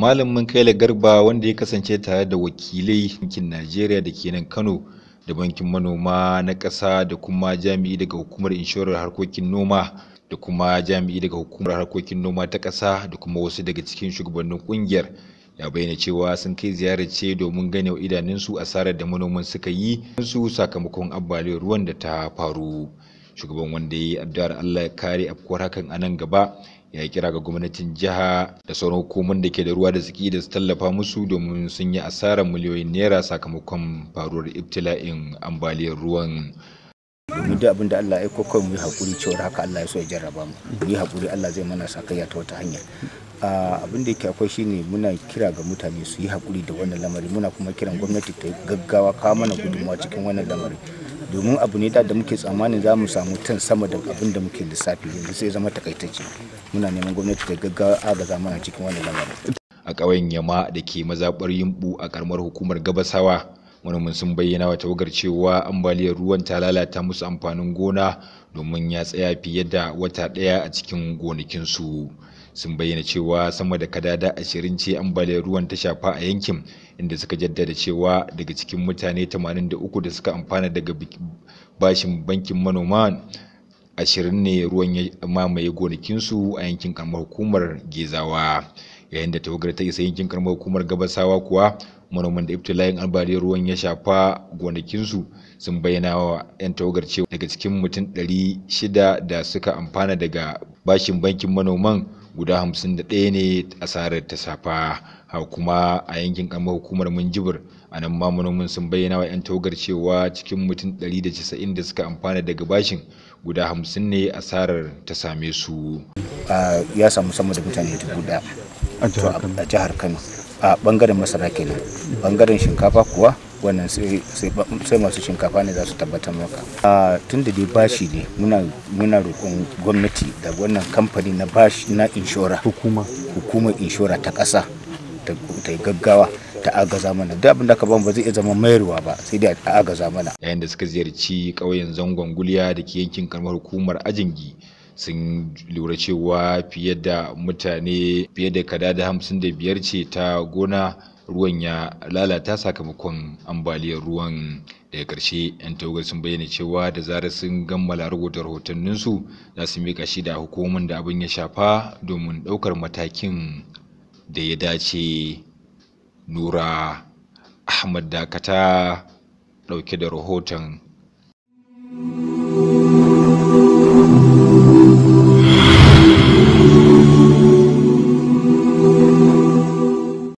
Malamin Kaila Garba wanda ya kasance tare da wakilai bankin Najeriya da ke nan Kano da bankin manoma na ƙasa da kuma jami'i daga hukumar inshorar harkokin noma da kuma jami'i daga hukumar harkokin noma ta ƙasa da kuma wasu daga cikin shugabannin ƙungiyar ya bayyana cewa sun kai ziyarace domin ganewa wa idanunsu asarar da manoman suka yi su sakamakon ambaliyar ruwan da ta faru. shugaban wanda ya yi addu'ar Allah ya kare afkuwar hakan a nan gaba ya kira ga gwamnatin jiha da sauran hukumomin da ke da ruwa da tsaki da su tallafa musu domin sun yi asarar miliyoyin naira sakamakon faruwar ibtila'in ambaliyar ruwan domin duk abin da Allah ya aiko kawai mu yi hakuri cewar haka Allah ya so ya jarraba mu mu yi hakuri Allah zai mana sa sakayya ta wata hanya abin da yake akwai shine muna kira ga mutane su yi hakuri da wannan lamari muna kuma kiran gwamnati ta gaggawa kawo mana gudunmawa cikin wannan lamari domin abu ne da muke tsammanin za mu samu tan sama da abin da muke lissafi yanzu sai zama takaitacce muna neman gwamnati ta gaggawa agaza mana cikin wannan lamarin a ƙauyen yama da ke mazaɓar yimbu a ƙaramar hukumar gabasawa manomin sun bayyana wa tawagar cewa ambaliyar ruwan ta lalata musu amfanin gona domin ya tsaya fiye da wata ɗaya a cikin gonakinsu sun bayyana cewa sama da kadada ashirin ce ambaliyar ruwan ta shafa a yankin inda suka jaddada cewa daga cikin mutane 83 da suka amfana daga bashin bankin manoma ashirin ne ruwan ya mamaye gonakinsu a yankin kamar hukumar gezawa yayin da tawagar ta isa yankin karamar hukumar gabasawa kuwa manoman da iftilayin ambaliyar ruwan ya shafa gonakinsu sun bayyana wa 'yan tawagar cewa daga cikin mutum 600 da suka amfana daga bashin bankin manoman guda da ɗaya ne asarar ta safa kuma a yankin karamar hukumar minjibir a nan ma manoman sun bayyana wa 'yan tawagar cewa cikin mutum ɗari da da suka amfana daga bashin guda 50 ne asarar ta same su ya samu sama da mutane dubu a jihar kano a bangaren masara kenan bangaren shinkafa kuwa wannan sai masu shinkafa ne za su tabbatar maka tun da dai bashi ne muna roƙon gwamnati da wannan kamfani na bashi na inshora hukuma hukumar inshora ta ƙasa ta gaggawa ta agaza mana Da abin da ka ban ba zai iya zama mayarwa ba sai dai a agaza mana yayin da suka ziyarci ƙauyen zangon guliya da ke yankin karamar hukumar ajingi sun lura cewa fiye da mutane fiye da kada da hamsin da biyar ce ta gona ruwan ya lalata sakamakon ambaliyar ruwan daga ƙarshe 'yan tawagar sun bayyana cewa da zarar sun gammala rubuta rahotanninsu za su mika shi da hukumomin da abin ya shafa domin ɗaukar matakin da ya dace nura ahmad dakata ɗauke da rahoton